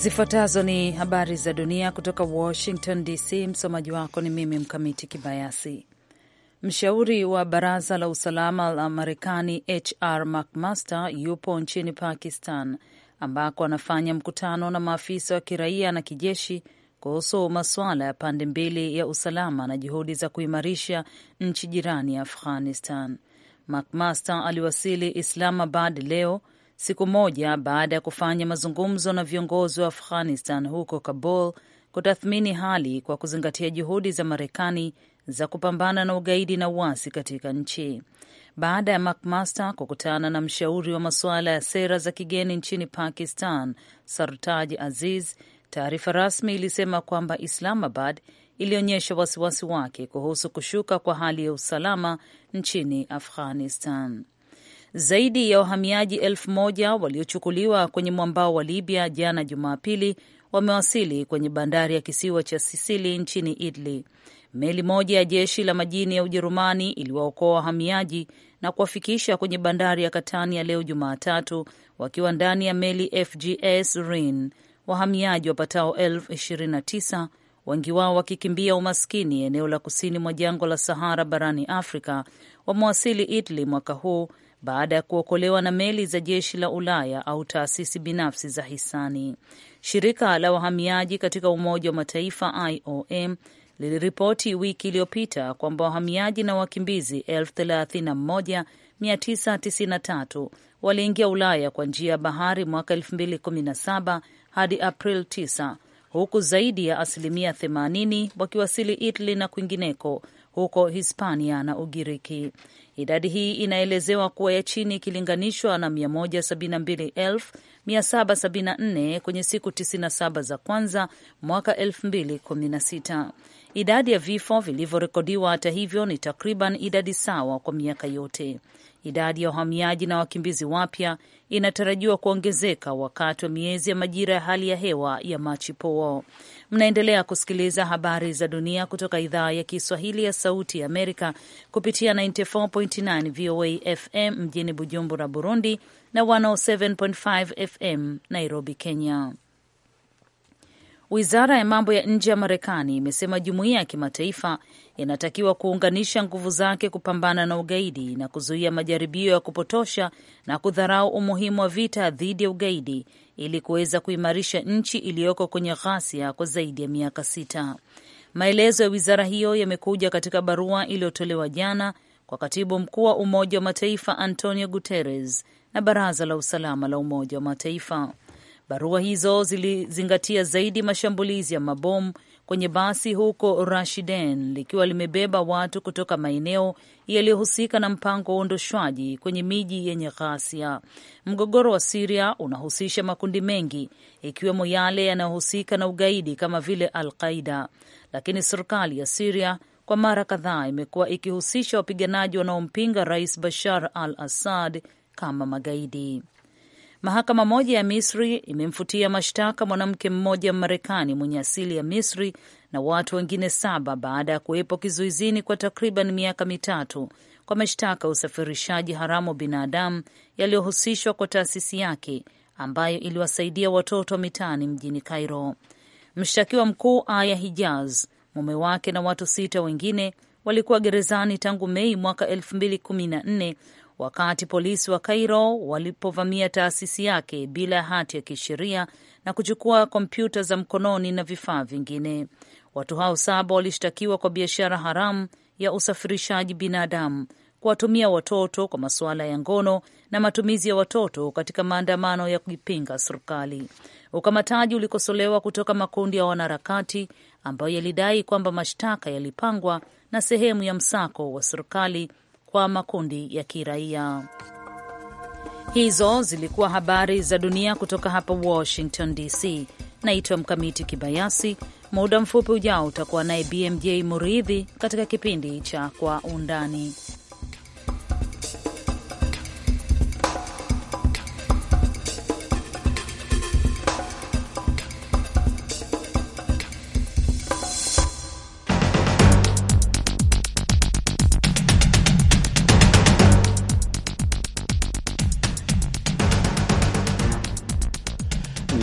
Zifuatazo ni habari za dunia kutoka Washington DC. Msomaji wako ni mimi Mkamiti Kibayasi. Mshauri wa baraza la usalama la Marekani HR McMaster yupo nchini Pakistan ambako anafanya mkutano na maafisa wa kiraia na kijeshi kuhusu masuala ya pande mbili ya usalama na juhudi za kuimarisha nchi jirani ya Afghanistan. McMaster aliwasili Islamabad leo siku moja baada ya kufanya mazungumzo na viongozi wa Afghanistan huko Kabul kutathmini hali kwa kuzingatia juhudi za Marekani za kupambana na ugaidi na uasi katika nchi. Baada ya McMaster kukutana na mshauri wa masuala ya sera za kigeni nchini Pakistan, Sartaj Aziz, taarifa rasmi ilisema kwamba Islamabad ilionyesha wasiwasi wake kuhusu kushuka kwa hali ya usalama nchini Afghanistan. Zaidi ya wahamiaji elfu moja waliochukuliwa kwenye mwambao wa Libya jana Jumapili wamewasili kwenye bandari ya kisiwa cha Sisili nchini Italy. Meli moja ya jeshi la majini ya Ujerumani iliwaokoa wahamiaji na kuwafikisha kwenye bandari ya Katania leo Jumatatu, wakiwa ndani ya meli FGS Rin. Wahamiaji wapatao elfu ishirini na tisa wengi wao wakikimbia umaskini eneo la kusini mwa jangwa la Sahara barani Afrika wamewasili Italy mwaka huu baada ya kuokolewa na meli za jeshi la Ulaya au taasisi binafsi za hisani. Shirika la wahamiaji katika Umoja wa Mataifa IOM liliripoti wiki iliyopita kwamba wahamiaji na wakimbizi 31993 waliingia Ulaya kwa njia ya bahari mwaka 2017 hadi April 9 huku zaidi ya asilimia 80 wakiwasili Italy na kwingineko huko Hispania na Ugiriki. Idadi hii inaelezewa kuwa ya chini ikilinganishwa na 172,774 kwenye siku 97 za kwanza mwaka 2016. Idadi ya vifo vilivyorekodiwa, hata hivyo, ni takriban idadi sawa kwa miaka yote. Idadi ya wahamiaji na wakimbizi wapya inatarajiwa kuongezeka wakati wa miezi ya majira ya hali ya hewa ya machi poo Mnaendelea kusikiliza habari za dunia kutoka idhaa ya Kiswahili ya Sauti ya Amerika kupitia 94.9 VOA FM mjini Bujumbura, Burundi na 107.5 FM Nairobi, Kenya. Wizara ya mambo ya nje ya Marekani imesema jumuiya ya kimataifa inatakiwa kuunganisha nguvu zake kupambana na ugaidi na kuzuia majaribio ya kupotosha na kudharau umuhimu wa vita dhidi ya ugaidi ili kuweza kuimarisha nchi iliyoko kwenye ghasia kwa zaidi ya miaka sita. Maelezo ya wizara hiyo yamekuja katika barua iliyotolewa jana kwa katibu mkuu wa Umoja wa Mataifa Antonio Guterres na Baraza la Usalama la Umoja wa Mataifa. Barua hizo zilizingatia zaidi mashambulizi ya mabomu kwenye basi huko Rashiden likiwa limebeba watu kutoka maeneo yaliyohusika na mpango wa uondoshwaji kwenye miji yenye ghasia. Mgogoro wa Siria unahusisha makundi mengi ikiwemo yale yanayohusika na ugaidi kama vile Al Qaida, lakini serikali ya Siria kwa mara kadhaa imekuwa ikihusisha wapiganaji wanaompinga Rais Bashar al Assad kama magaidi. Mahakama moja ya Misri imemfutia mashtaka mwanamke mmoja marekani mwenye asili ya Misri na watu wengine saba baada ya kuwepo kizuizini kwa takriban miaka mitatu kwa mashtaka ya usafirishaji haramu binadamu yaliyohusishwa kwa taasisi yake ambayo iliwasaidia watoto mitaani mjini Cairo. Mshtakiwa mkuu Aya Hijaz, mume wake na watu sita wengine walikuwa gerezani tangu Mei mwaka 2014 wakati polisi wa Cairo walipovamia taasisi yake bila ya hati ya kisheria na kuchukua kompyuta za mkononi na vifaa vingine. Watu hao saba walishtakiwa kwa biashara haramu ya usafirishaji binadamu, kuwatumia watoto kwa masuala ya ngono na matumizi ya watoto katika maandamano ya kuipinga serikali. Ukamataji ulikosolewa kutoka makundi ya wanaharakati ambayo yalidai kwamba mashtaka yalipangwa na sehemu ya msako wa serikali kwa makundi ya kiraia. Hizo zilikuwa habari za dunia kutoka hapa Washington DC. Naitwa Mkamiti Kibayasi. Muda mfupi ujao utakuwa naye BMJ Muridhi katika kipindi cha Kwa Undani.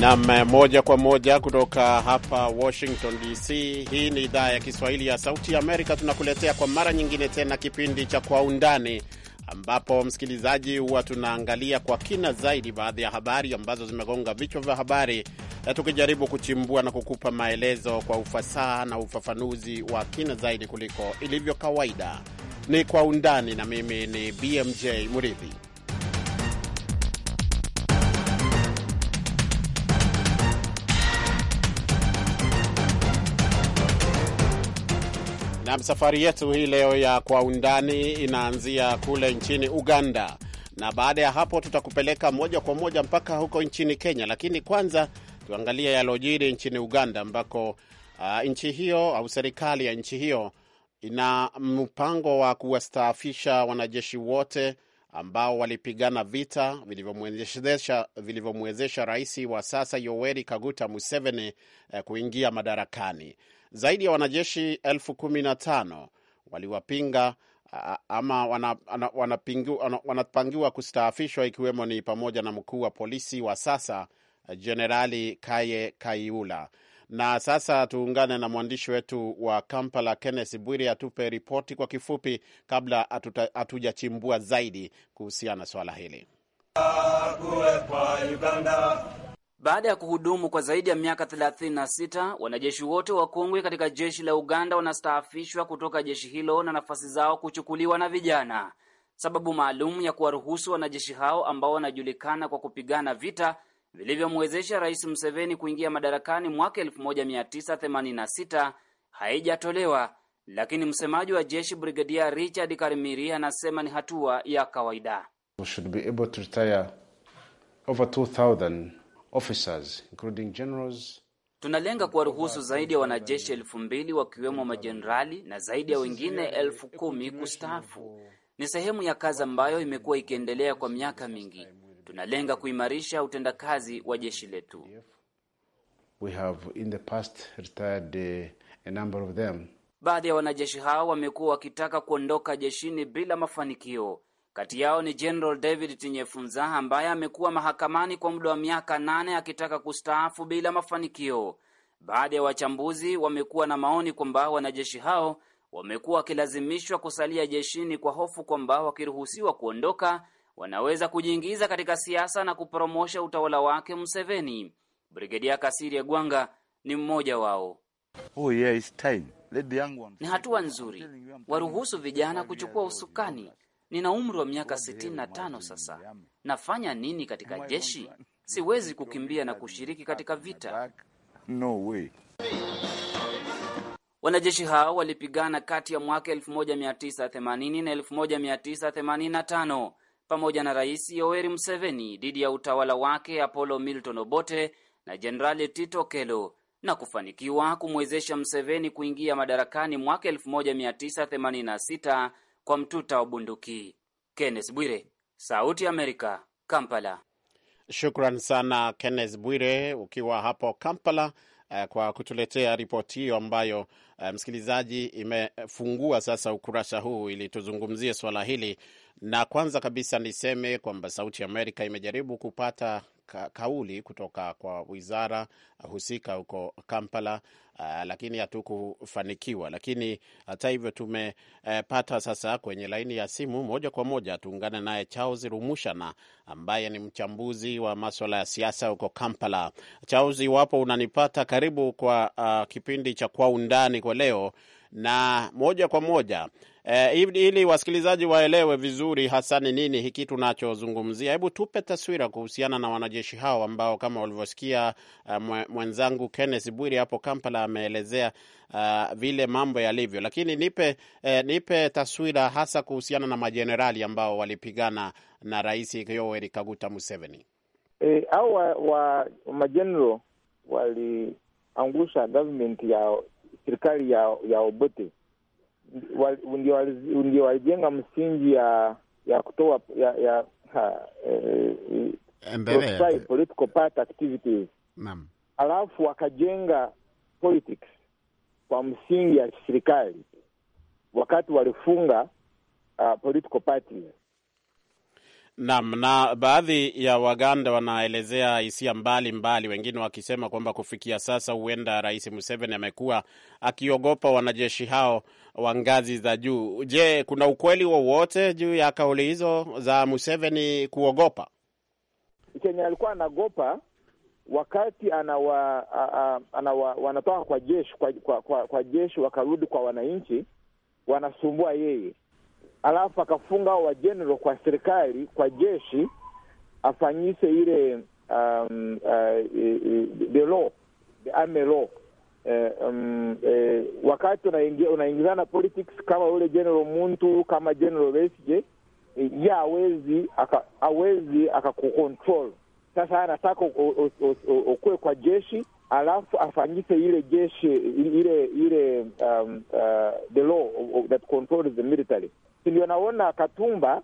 Nam eh, moja kwa moja kutoka hapa Washington DC. Hii ni idhaa ya Kiswahili ya Sauti ya Amerika. Tunakuletea kwa mara nyingine tena kipindi cha Kwa Undani, ambapo msikilizaji, huwa tunaangalia kwa kina zaidi baadhi ya habari ambazo zimegonga vichwa vya habari, eh, tukijaribu kuchimbua na kukupa maelezo kwa ufasaha na ufafanuzi wa kina zaidi kuliko ilivyo kawaida. Ni Kwa Undani na mimi ni BMJ Muridhi. Nam, safari yetu hii leo ya kwa undani inaanzia kule nchini Uganda, na baada ya hapo tutakupeleka moja kwa moja mpaka huko nchini Kenya, lakini kwanza tuangalie yalojiri nchini Uganda ambako uh, nchi hiyo au serikali ya nchi hiyo ina mpango wa kuwastaafisha wanajeshi wote ambao walipigana vita vilivyomwezesha vilivyomwezesha rais wa sasa Yoweri Kaguta Museveni eh, kuingia madarakani. Zaidi ya wanajeshi elfu kumi na tano waliwapinga ama wanapangiwa wana, wana kustaafishwa ikiwemo ni pamoja na mkuu wa polisi wa sasa Jenerali Kaye Kaiula. Na sasa tuungane na mwandishi wetu wa Kampala, Kenneth Bwiri, atupe ripoti kwa kifupi kabla hatujachimbua zaidi kuhusiana na swala hili. Baada ya kuhudumu kwa zaidi ya miaka 36, wanajeshi wote wakongwe katika jeshi la Uganda wanastaafishwa kutoka jeshi hilo na nafasi zao kuchukuliwa na vijana. Sababu maalum ya kuwaruhusu wanajeshi hao ambao wanajulikana kwa kupigana vita vilivyomwezesha Rais Museveni kuingia madarakani mwaka 1986 haijatolewa, lakini msemaji wa jeshi brigedia Richard Karimiri anasema ni hatua ya kawaida. We should be able to retire over 2000 officers, including generals. Tunalenga kuwaruhusu zaidi ya wanajeshi elfu mbili wakiwemo majenerali na zaidi ya wengine elfu kumi kustaafu. Ni sehemu ya kazi ambayo imekuwa ikiendelea kwa miaka mingi. Tunalenga kuimarisha utendakazi wa jeshi letu. We have in the past retired eh, a number of them. Baadhi ya wanajeshi hao wamekuwa wakitaka kuondoka jeshini bila mafanikio. Kati yao ni General David Tinyefunza ambaye amekuwa mahakamani kwa muda wa miaka nane akitaka kustaafu bila mafanikio. Baadhi ya wachambuzi wamekuwa na maoni kwamba wanajeshi hao wamekuwa wakilazimishwa kusalia jeshini kwa hofu kwamba wakiruhusiwa kuondoka wanaweza kujiingiza katika siasa na kupromosha utawala wake Museveni. Brigedia Kasirye Gwanga ni mmoja wao. Oh, yeah, it's time. Let the young one... ni hatua nzuri, waruhusu vijana kuchukua usukani Nina umri wa miaka 65 sasa. Nafanya nini katika jeshi? Siwezi kukimbia na kushiriki katika vita. No way. Wanajeshi hao walipigana kati ya mwaka 1980 na 1985 pamoja na Rais Yoweri Museveni dhidi ya utawala wake Apollo Milton Obote na Jenerali Tito kelo na kufanikiwa kumwezesha Museveni kuingia madarakani mwaka 1986 kwa mtuta wa bunduki. Kenneth Bwire, Sauti ya Amerika, Kampala. Shukran sana Kenneth Bwire ukiwa hapo Kampala eh, kwa kutuletea ripoti hiyo ambayo eh, msikilizaji, imefungua sasa ukurasa huu ili tuzungumzie swala hili. Na kwanza kabisa niseme kwamba Sauti Amerika imejaribu kupata ka kauli kutoka kwa wizara husika huko Kampala Uh, lakini hatukufanikiwa. Lakini hata hivyo tumepata uh, sasa kwenye laini ya simu moja kwa moja tuungane naye Charles Rumushana ambaye ni mchambuzi wa maswala ya siasa huko Kampala. Charles, iwapo unanipata, karibu kwa uh, kipindi cha Kwa Undani kwa leo na moja kwa moja e, ili wasikilizaji waelewe vizuri hasa ni nini hiki tunachozungumzia, hebu tupe taswira kuhusiana na wanajeshi hao ambao kama walivyosikia eh, mwenzangu Kenneth Bwiri hapo Kampala ameelezea uh, vile mambo yalivyo, lakini nipe, eh, nipe taswira hasa kuhusiana na majenerali ambao walipigana na Rais Yoweri Kaguta Museveni. E, au wa, wa majenero waliangusha government ya serikali ya ya Obote ndio walijenga msingi ya ya kutoa ya, ya, e, e, political party activities. Naam. Alafu wakajenga politics kwa msingi ya serikali wakati walifunga uh, political parties Naam, na baadhi ya Waganda wanaelezea hisia mbalimbali, wengine wakisema kwamba kufikia sasa huenda Rais Museveni amekuwa akiogopa wanajeshi hao wa ngazi za juu. Je, kuna ukweli wowote juu ya kauli hizo za Museveni kuogopa? Chenye alikuwa anagopa wakati anawa, a, a, anawa wanatoka kwa jeshi kwa, kwa, kwa, kwa jeshi wakarudi kwa wananchi, wanasumbua yeye alafu akafunga wa general kwa serikali kwa jeshi afanyise ile um, uh, the law the army law uh, um, uh, wakati unaingizana una politics kama yule general Muntu kama general Besigye ya awezi aka, awezi akakucontrol. Sasa anataka ukuwe kwa jeshi alafu afanyise ile jeshi ile ile um, uh, the law that controls the military Tulionaona Katumba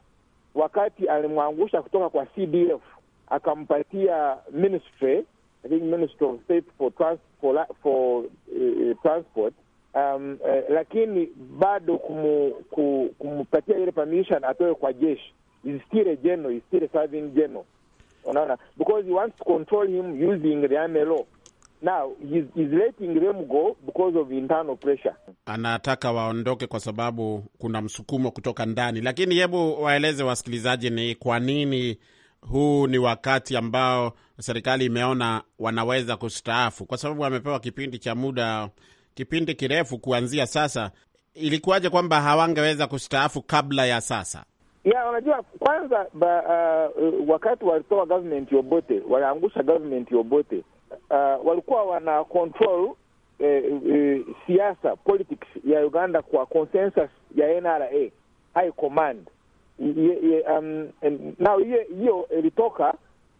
wakati alimwangusha kutoka kwa CDF akampatia ministry, I think Ministry of State for, trans, for, for uh, eh, eh, transport um, uh, lakini bado kumpatia ile permission atoe kwa jeshi is still a general, is still serving general. Unaona, because you want to control him using the army law Now, he's, he's letting them go because of internal pressure. Anataka waondoke kwa sababu kuna msukumo kutoka ndani, lakini hebu waeleze wasikilizaji ni kwa nini huu ni wakati ambao serikali imeona wanaweza kustaafu, kwa sababu wamepewa kipindi cha muda, kipindi kirefu kuanzia sasa. Ilikuwaje kwamba hawangeweza kustaafu kabla ya sasa? ya unajua, kwanza ba, uh, wakati walitoa government yobote, waliangusha government yobote, uh, walikuwa wana control eh, eh, siasa politics ya Uganda kwa consensus ya NRA high command um, now hiyo ilitoka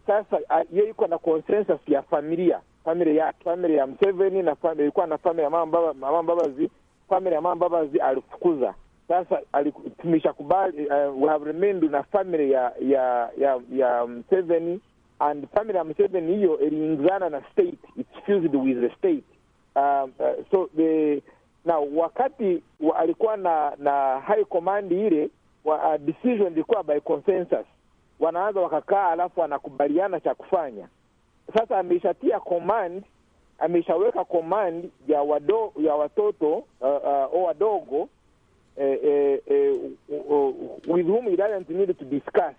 sasa, hiyo uh, iko na consensus ya familia family ya family ya Mseveni na ilikuwa na family ya mama baba mama babazi family ya mama babazi alifukuza sasa kubali uh, we have remained na family ya ya ya, ya Mseveni and Pamela Museveni hiyo iliingizana na state, it's fused with the state um, uh, so the na wakati wa, alikuwa na na high command ile wa, uh, decision ilikuwa by consensus, wanaanza wakakaa, alafu wanakubaliana cha kufanya. Sasa ameshatia command, ameshaweka command ya wado, ya watoto uh, uh, o wadogo eh, eh, eh, uh, uh, with whom he doesn't need to discuss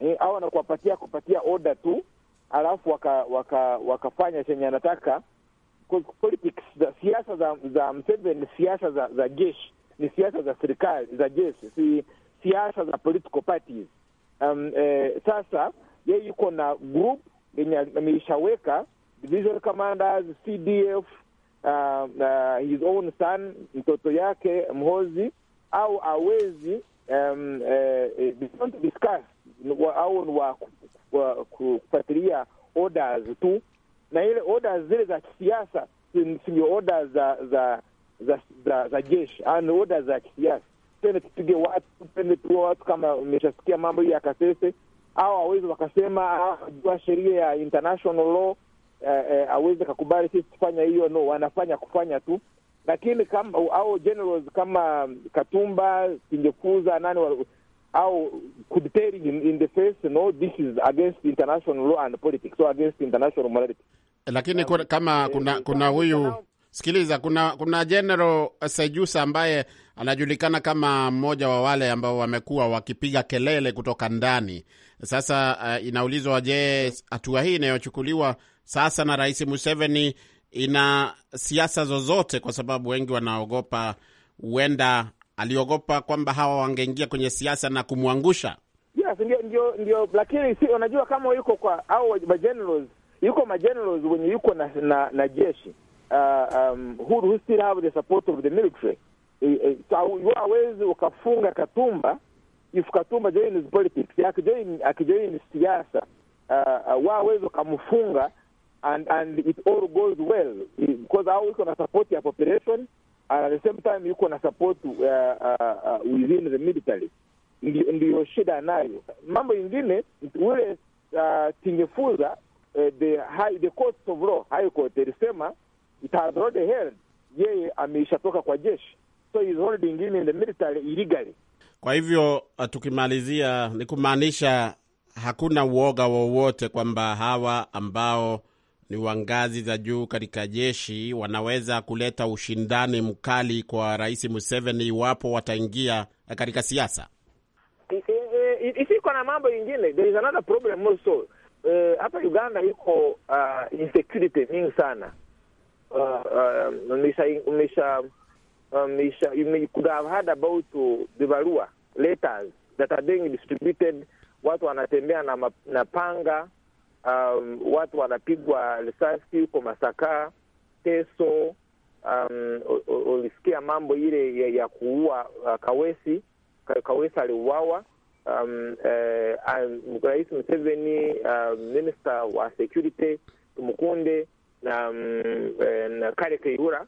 eh, au anakuwapatia kupatia oda tu alafu waka, waka, wakafanya chenye anataka. Politics za siasa za za Museveni ni siasa za za jeshi, ni siasa za serikali za jeshi, si siasa za political parties. Um, eh, sasa ye yuko na group yenye ameishaweka division commanders, CDF, uh, um, uh, his own son, mtoto yake Mhozi au awezi um, eh, eh discuss au ni wa kufuatilia orders tu, na ile orders zile za kisiasa sio orders za za za za, za jeshi, ah, ni orders za kisiasa. Tende tupige watu, tende tuwe watu, kama umeshasikia mambo hiyo ya Kasese au awezi wakasema ah, jua sheria ya international law eh, eh awezi kakubali sisi kufanya hiyo. No, wanafanya kufanya tu, lakini kama au generals kama Katumba, Tingefuza nani au could tell in, in the face no this is against international law and politics so against international morality. Lakini kuna, kama kuna kuna huyu sikiliza, kuna kuna General Sejusa ambaye anajulikana kama mmoja wa wale ambao wamekuwa wakipiga kelele kutoka ndani. Sasa uh, inaulizwa je, hatua hii inayochukuliwa sasa na Rais Museveni ina siasa zozote? Kwa sababu wengi wanaogopa huenda aliogopa kwamba hawa wangeingia kwenye siasa na kumwangusha. Yes, ndio, ndio, ndio. Lakini si unajua kama yuko kwa au majenerals, yuko majenerals wenye yuko na na, na jeshi uh, um, who, who still have the support of the military hawezi so, ukafunga Katumba if Katumba join his politics akijoin akijoin siasa uh, uh, wawezi ukamfunga and and it all goes well because hao iko na support ya population at the same time yuko na support uh, uh, uh, within the military, ndiyo shida anayo. Mambo ingine ule uh, tingefuza uh, the high the court of law high court ilisema it has already held, yeye ameishatoka kwa jeshi so he is already in the military illegally. Kwa hivyo uh, tukimalizia, ni kumaanisha hakuna uoga wowote kwamba hawa ambao ni wa ngazi za juu katika jeshi wanaweza kuleta ushindani mkali kwa Rais Museveni iwapo wataingia katika siasa. Isiko na mambo ingine, there is another problem also eh, hapa uh, Uganda iko uh, insecurity mingi sana uh, uh, misha, misha, could have heard about vibarua letters that are being distributed. Watu wanatembea na, na panga um, watu wanapigwa risasi huko Masaka, Teso. Um, ulisikia mambo ile ya, ya kuua uh, Kawesi. Kawesi aliuawa. Um, uh, Rais Museveni uh, um, minista wa security Tumukunde na, um, uh, na Kale Kayihura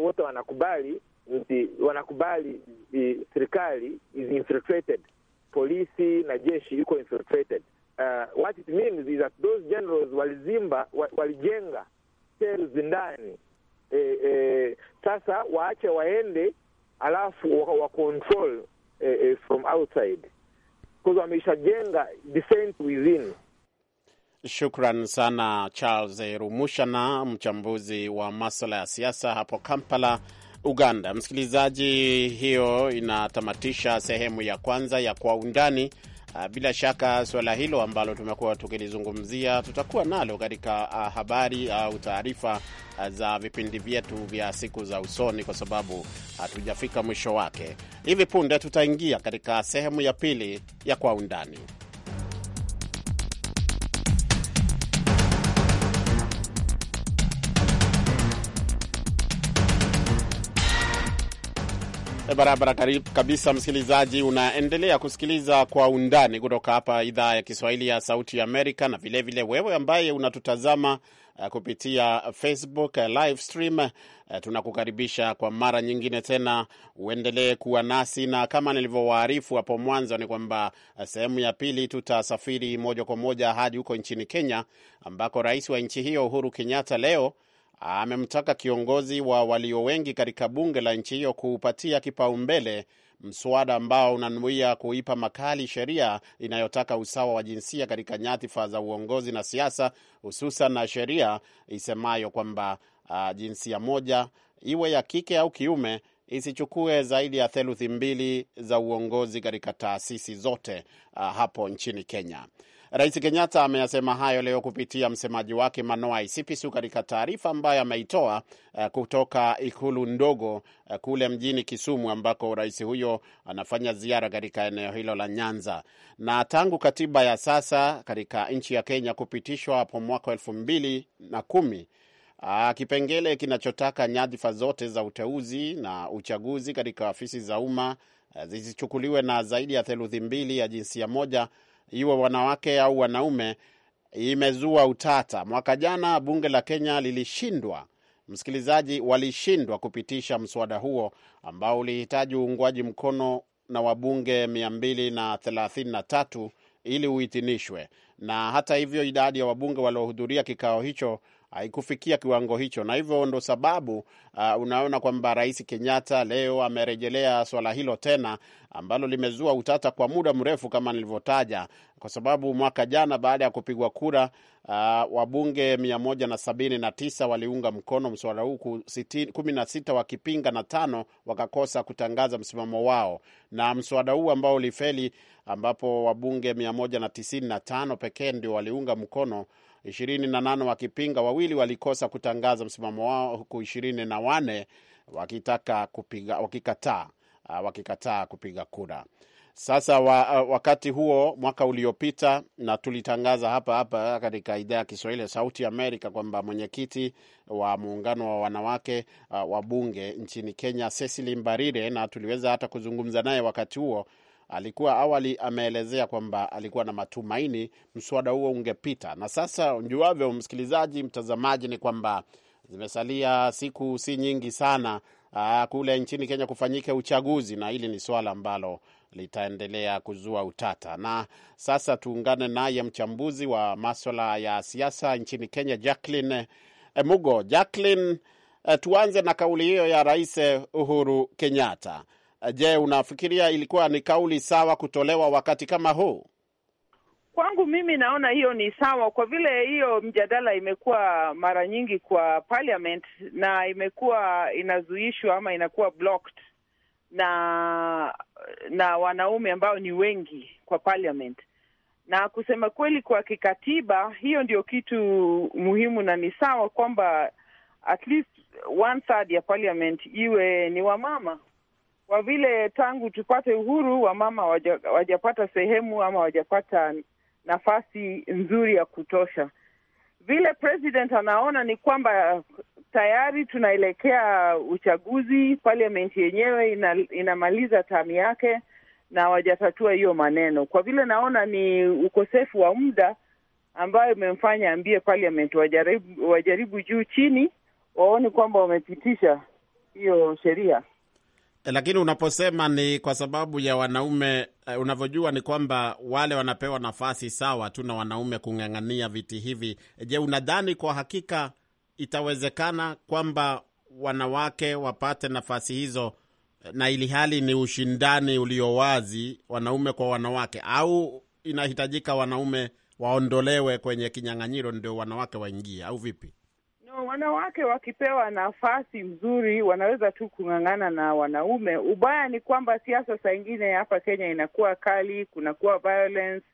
wote wanakubali nti, wanakubali eh, serikali is infiltrated, polisi na jeshi iko infiltrated uh, what it means is that those generals walizimba walijenga cells ndani eh, eh, sasa waache waende alafu wacontrol eh, eh, from outside because wameshajenga defense within. Shukran sana Charles Rumushana, mchambuzi wa maswala ya siasa hapo Kampala, Uganda. Msikilizaji, hiyo inatamatisha sehemu ya kwanza ya Kwa Undani. Ah, bila shaka suala hilo ambalo tumekuwa tukilizungumzia tutakuwa nalo katika ah, habari ah, au taarifa za vipindi vyetu vya siku za usoni, kwa sababu hatujafika mwisho wake. Hivi punde tutaingia katika sehemu ya pili ya Kwa Undani. barabara kabisa, msikilizaji, unaendelea kusikiliza Kwa Undani kutoka hapa idhaa ya Kiswahili ya Sauti ya Amerika, na vilevile vile wewe ambaye unatutazama eh, kupitia Facebook eh, live stream, eh, tunakukaribisha kwa mara nyingine tena uendelee kuwa nasi, na kama nilivyowaarifu hapo mwanzo ni kwamba sehemu ya pili tutasafiri moja kwa moja hadi huko nchini Kenya ambako rais wa nchi hiyo Uhuru Kenyatta leo amemtaka kiongozi wa walio wengi katika bunge la nchi hiyo kuupatia kipaumbele mswada ambao unanuia kuipa makali sheria inayotaka usawa wa jinsia katika nyadhifa za uongozi na siasa, hususan na sheria isemayo kwamba uh, jinsia moja iwe ya kike au kiume isichukue zaidi ya theluthi mbili za uongozi katika taasisi zote uh, hapo nchini Kenya. Rais Kenyatta ameyasema hayo leo kupitia msemaji wake Manoa Isipisu katika taarifa ambayo ameitoa eh, kutoka ikulu ndogo eh, kule mjini Kisumu ambako rais huyo anafanya ziara katika eneo hilo la Nyanza. Na tangu katiba ya sasa katika nchi ya Kenya kupitishwa hapo mwaka elfu mbili na kumi ah, kipengele kinachotaka nyadhifa zote za uteuzi na uchaguzi katika ofisi za umma eh, zisichukuliwe na zaidi ya theluthi mbili ya jinsia moja iwe wanawake au wanaume, imezua utata. Mwaka jana bunge la Kenya lilishindwa msikilizaji, walishindwa kupitisha mswada huo ambao ulihitaji uungwaji mkono na wabunge 233 ili uitinishwe. Na hata hivyo, idadi ya wabunge waliohudhuria kikao hicho haikufikia kiwango hicho, na hivyo ndo sababu uh, unaona kwamba Rais Kenyatta leo amerejelea swala hilo tena ambalo limezua utata kwa muda mrefu kama nilivyotaja, kwa sababu mwaka jana baada ya kupigwa kura uh, wabunge 179 waliunga mkono mswada huu, 16 wakipinga na tano wakakosa kutangaza msimamo wao, na mswada huu ambao ulifeli, ambapo wabunge 195 pekee ndio waliunga mkono ishirini na nane wakipinga, wawili walikosa kutangaza msimamo wao, huku ishirini na wane wakitaka kupiga wakikataa ah, wakikataa kupiga kura. Sasa wa, ah, wakati huo mwaka uliopita, na tulitangaza hapa hapa katika idhaa ya Kiswahili ya Sauti Amerika kwamba mwenyekiti wa muungano wa wanawake uh, wa bunge nchini Kenya Cecily Mbarire, na tuliweza hata kuzungumza naye wakati huo alikuwa awali ameelezea kwamba alikuwa na matumaini mswada huo ungepita, na sasa mjuavyo, msikilizaji, mtazamaji, ni kwamba zimesalia siku si nyingi sana aa, ah, kule nchini Kenya kufanyike uchaguzi, na hili ni swala ambalo litaendelea kuzua utata. Na sasa tuungane naye mchambuzi wa maswala ya siasa nchini Kenya, Jacqueline Emugo. Eh, Jacqueline, eh, tuanze na kauli hiyo ya Rais eh, Uhuru Kenyatta. Eh, je, unafikiria ilikuwa ni kauli sawa kutolewa wakati kama huu? Kwangu mimi naona hiyo ni sawa, kwa vile hiyo mjadala imekuwa mara nyingi kwa parliament na imekuwa inazuishwa ama inakuwa blocked na na wanaume ambao ni wengi kwa parliament. Na kusema kweli, kwa kikatiba, hiyo ndio kitu muhimu na ni sawa kwamba at least one third ya parliament iwe ni wamama kwa vile tangu tupate uhuru wamama wajapata sehemu ama wajapata nafasi nzuri ya kutosha. Vile president anaona ni kwamba tayari tunaelekea uchaguzi, parliament yenyewe ina, inamaliza tamu yake na wajatatua hiyo maneno. Kwa vile naona ni ukosefu wa muda ambayo imemfanya ambie parliament wajaribu, wajaribu juu chini waone kwamba wamepitisha hiyo sheria. Lakini unaposema ni kwa sababu ya wanaume, eh, unavyojua ni kwamba wale wanapewa nafasi sawa tu na wanaume kung'ang'ania viti hivi. Je, unadhani kwa hakika itawezekana kwamba wanawake wapate nafasi hizo eh, na ili hali ni ushindani ulio wazi wanaume kwa wanawake, au inahitajika wanaume waondolewe kwenye kinyang'anyiro ndio wanawake waingie, au vipi? wanawake wakipewa nafasi mzuri wanaweza tu kung'ang'ana na wanaume. Ubaya ni kwamba siasa saa ingine hapa Kenya inakuwa kali, kunakuwa violence.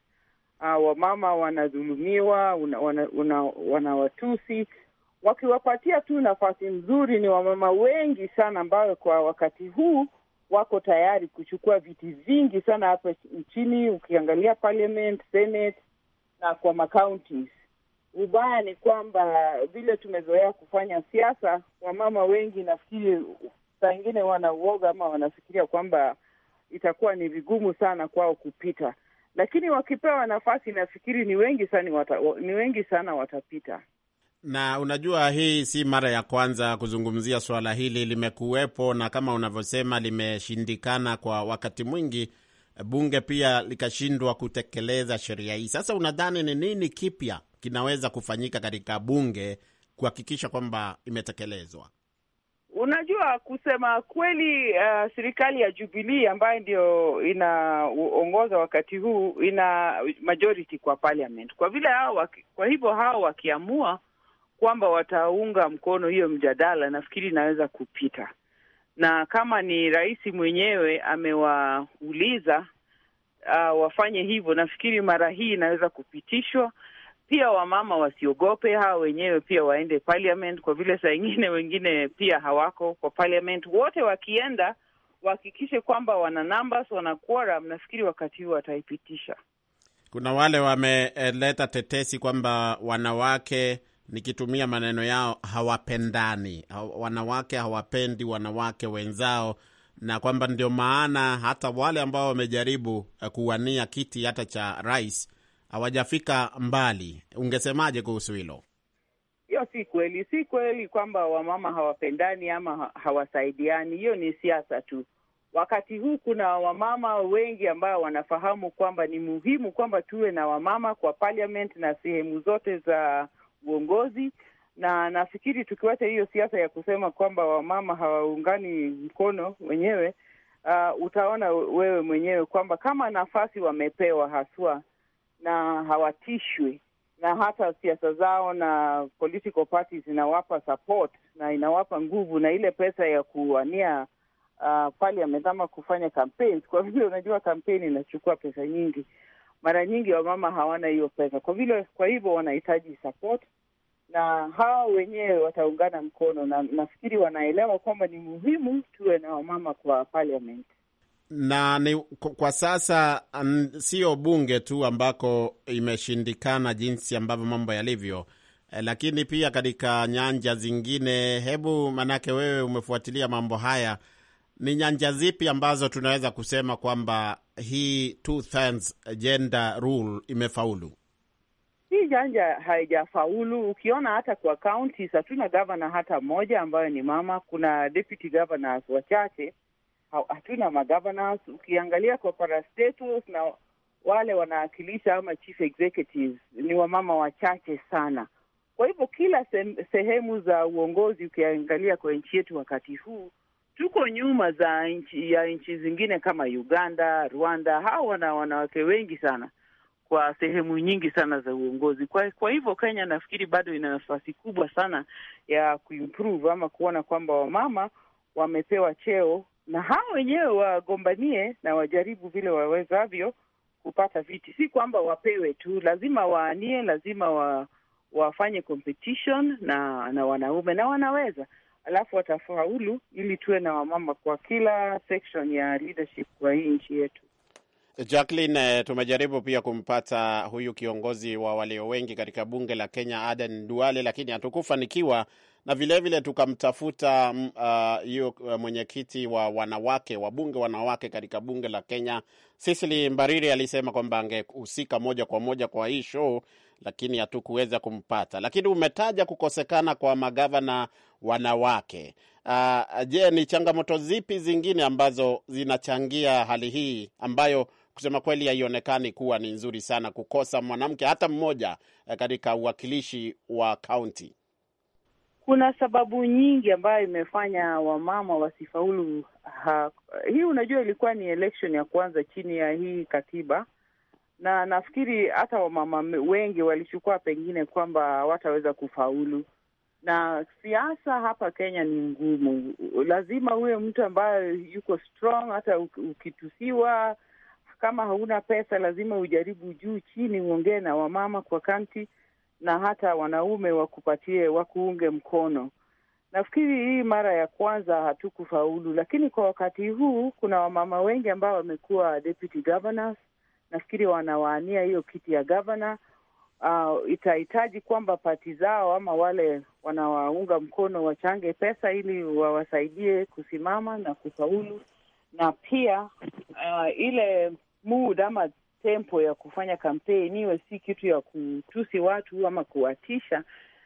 Uh, wamama wanadhulumiwa, wanawatusi una, una, una wakiwapatia tu nafasi nzuri. Ni wamama wengi sana ambayo kwa wakati huu wako tayari kuchukua viti vingi sana hapa nchini, ukiangalia parliament, senate na kwa makaunti Ubaya ni kwamba vile tumezoea kufanya siasa, wamama wengi nafikiri saa ingine wanauoga ama wanafikiria kwamba itakuwa ni vigumu sana kwao kupita, lakini wakipewa nafasi nafikiri ni wengi sana wata, ni wengi sana watapita. Na unajua hii si mara ya kwanza kuzungumzia suala hili, limekuwepo na kama unavyosema limeshindikana kwa wakati mwingi, bunge pia likashindwa kutekeleza sheria hii. Sasa unadhani ni nini kipya kinaweza kufanyika katika bunge kuhakikisha kwamba imetekelezwa? Unajua, kusema kweli, uh, serikali ya Jubilee ambayo ndio inaongoza wakati huu ina majority kwa parliament, kwa vile hao, kwa hivyo hao wakiamua kwamba wataunga mkono hiyo mjadala, nafikiri inaweza kupita, na kama ni rais mwenyewe amewauliza uh, wafanye hivyo, nafikiri mara hii inaweza kupitishwa pia wamama wasiogope, hawa wenyewe pia waende parliament, kwa vile saa ingine wengine pia hawako kwa parliament. Wote wakienda wahakikishe kwamba wana numbers, wana quorum. Nafikiri wakati huu wataipitisha. Kuna wale wameleta tetesi kwamba wanawake, nikitumia maneno yao, hawapendani, wanawake hawapendi wanawake wenzao, na kwamba ndio maana hata wale ambao wamejaribu eh, kuwania kiti hata cha rais hawajafika mbali. Ungesemaje kuhusu hilo? Hiyo si kweli, si kweli kwamba wamama hawapendani ama hawasaidiani. Hiyo ni siasa tu. Wakati huu kuna wamama wengi ambao wanafahamu kwamba ni muhimu kwamba tuwe na wamama kwa parliament na sehemu zote za uongozi, na nafikiri tukiwacha hiyo siasa ya kusema kwamba wamama hawaungani mkono wenyewe, uh, utaona wewe mwenyewe kwamba kama nafasi wamepewa haswa na hawatishwi na hata siasa zao na political parties inawapa support na inawapa nguvu na ile pesa ya kuwania uh, parliament ama kufanya campaigns. Kwa vile unajua campaign inachukua pesa nyingi, mara nyingi wamama hawana hiyo pesa, kwa vile kwa hivyo wanahitaji support, na hawa wenyewe wataungana mkono, na nafikiri wanaelewa kwamba ni muhimu tuwe na wamama kwa parliament na ni kwa sasa sio bunge tu ambako imeshindikana jinsi ambavyo mambo yalivyo, eh, lakini pia katika nyanja zingine. Hebu manake, wewe umefuatilia mambo haya, ni nyanja zipi ambazo tunaweza kusema kwamba hii two thirds gender rule imefaulu? Hii janja haijafaulu. Ukiona hata kwa kaunti hatuna gavana hata mmoja ambayo ni mama, kuna deputy governors wachache hatuna magovernors. Ukiangalia kwa parastatals na wale wanawakilisha ama chief executives ni wamama wachache sana. Kwa hivyo kila sehemu za uongozi ukiangalia kwa nchi yetu wakati huu tuko nyuma za nchi ya nchi zingine kama Uganda, Rwanda. Hawa wana wanawake wengi sana kwa sehemu nyingi sana za uongozi. Kwa, kwa hivyo Kenya nafikiri bado ina nafasi kubwa sana ya kuimprove ama kuona kwamba wamama wamepewa cheo na hao wenyewe wagombanie na wajaribu vile wawezavyo kupata viti. Si kwamba wapewe tu, lazima waanie, lazima wa, wafanye competition na na wanaume na wanaweza, alafu watafaulu, ili tuwe na wamama kwa kila section ya leadership kwa hii nchi yetu. Jacqueline, eh, tumejaribu pia kumpata huyu kiongozi wa walio wengi katika bunge la Kenya, Aden Duale, lakini hatukufanikiwa na vilevile tukamtafuta mm, ah, hiyo uh, mwenyekiti wa wanawake wabunge wanawake katika bunge la Kenya, Sisili Mbariri alisema kwamba angehusika moja kwa moja kwa hii show, lakini hatukuweza kumpata. Lakini umetaja kukosekana kwa magavana wanawake. Uh, je, ni changamoto zipi zingine ambazo zinachangia hali hii ambayo kusema kweli haionekani kuwa ni nzuri sana, kukosa mwanamke hata mmoja eh, katika uwakilishi wa kaunti? kuna sababu nyingi ambayo imefanya wamama wasifaulu. Ha, hii unajua ilikuwa ni election ya kwanza chini ya hii katiba, na nafikiri hata wamama wengi walichukua pengine kwamba wataweza kufaulu, na siasa hapa Kenya ni ngumu. Lazima huye mtu ambaye yuko strong, hata ukitusiwa kama hauna pesa lazima ujaribu juu chini, uongee na wamama kwa kanti na hata wanaume wakupatie, wakuunge mkono. Nafikiri hii mara ya kwanza hatukufaulu, lakini kwa wakati huu kuna wamama wengi ambao wamekuwa deputy governors. Nafikiri wanawaania hiyo kiti ya governor. Uh, itahitaji kwamba pati zao ama wale wanawaunga mkono wachange pesa ili wawasaidie kusimama na kufaulu, na pia uh, ile mood ama tempo ya kufanya kampeni iwe si kitu ya kutusi watu ama kuwatisha,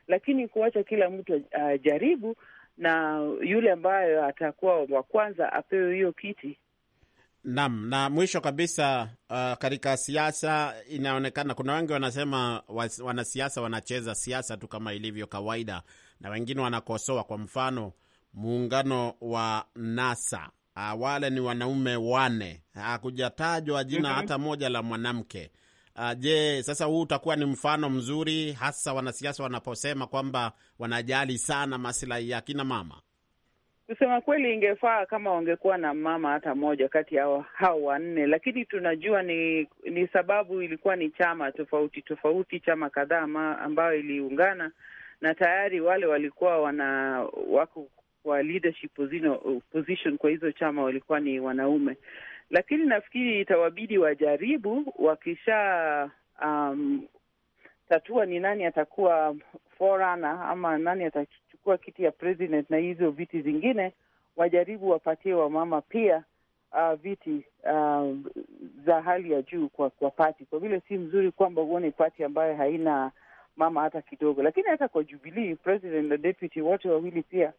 lakini kuacha kila mtu ajaribu na yule ambayo atakuwa wa kwanza apewe hiyo kiti. Naam, na mwisho kabisa, uh, katika siasa inaonekana kuna wengi wanasema wanasiasa wanacheza siasa tu kama ilivyo kawaida, na wengine wanakosoa, kwa mfano muungano wa NASA uh, wale ni wanaume wane, hakujatajwa jina mm -hmm. hata moja la mwanamke. Uh, je, sasa huu utakuwa ni mfano mzuri hasa wanasiasa wanaposema kwamba wanajali sana masilahi ya kina mama? Kusema kweli, ingefaa kama wangekuwa na mama hata moja kati ya hao wanne, lakini tunajua ni ni sababu ilikuwa ni chama tofauti tofauti, chama kadhaa ambayo iliungana na tayari wale walikuwa wana wako kwa leadership position kwa hizo chama walikuwa ni wanaume, lakini nafikiri itawabidi wajaribu wakisha um, tatua ni nani atakuwa forerunner ama nani atachukua kiti ya president na hizo viti zingine, wajaribu wapatie wamama pia uh, viti uh, za hali ya juu kwa kwa pati, kwa vile si mzuri kwamba huone pati ambayo haina mama hata kidogo. Lakini hata kwa Jubilee, president na deputy wote wawili pia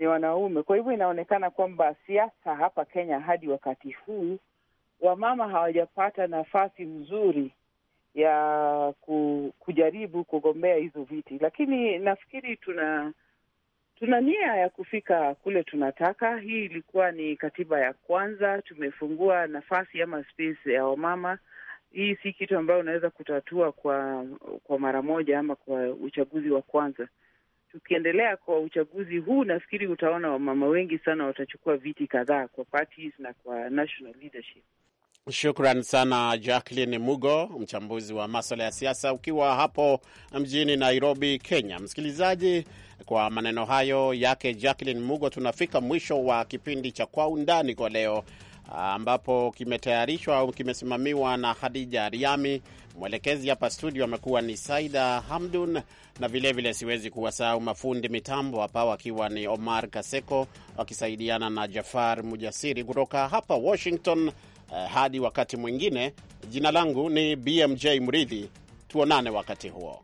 ni wanaume. Kwa hivyo inaonekana kwamba siasa hapa Kenya hadi wakati huu wamama hawajapata nafasi nzuri ya kujaribu kugombea hizo viti, lakini nafikiri tuna tuna nia ya kufika kule tunataka. Hii ilikuwa ni katiba ya kwanza, tumefungua nafasi ama space ya wamama. Hii si kitu ambayo unaweza kutatua kwa kwa mara moja ama kwa uchaguzi wa kwanza, tukiendelea kwa uchaguzi huu, nafikiri utaona wamama wengi sana watachukua viti kadhaa kwa parties na kwa national leadership. Shukran sana Jacqueline Mugo, mchambuzi wa maswala ya siasa, ukiwa hapo mjini Nairobi, Kenya. Msikilizaji, kwa maneno hayo yake Jacqueline Mugo, tunafika mwisho wa kipindi cha Kwa Undani kwa leo, ambapo kimetayarishwa au kimesimamiwa na Hadija Riami. Mwelekezi hapa studio amekuwa ni Saida Hamdun, na vilevile vile siwezi kuwasahau mafundi mitambo hapa wakiwa ni Omar Kaseko wakisaidiana na Jafar Mujasiri kutoka hapa Washington. Eh, hadi wakati mwingine, jina langu ni BMJ Mridhi, tuonane wakati huo.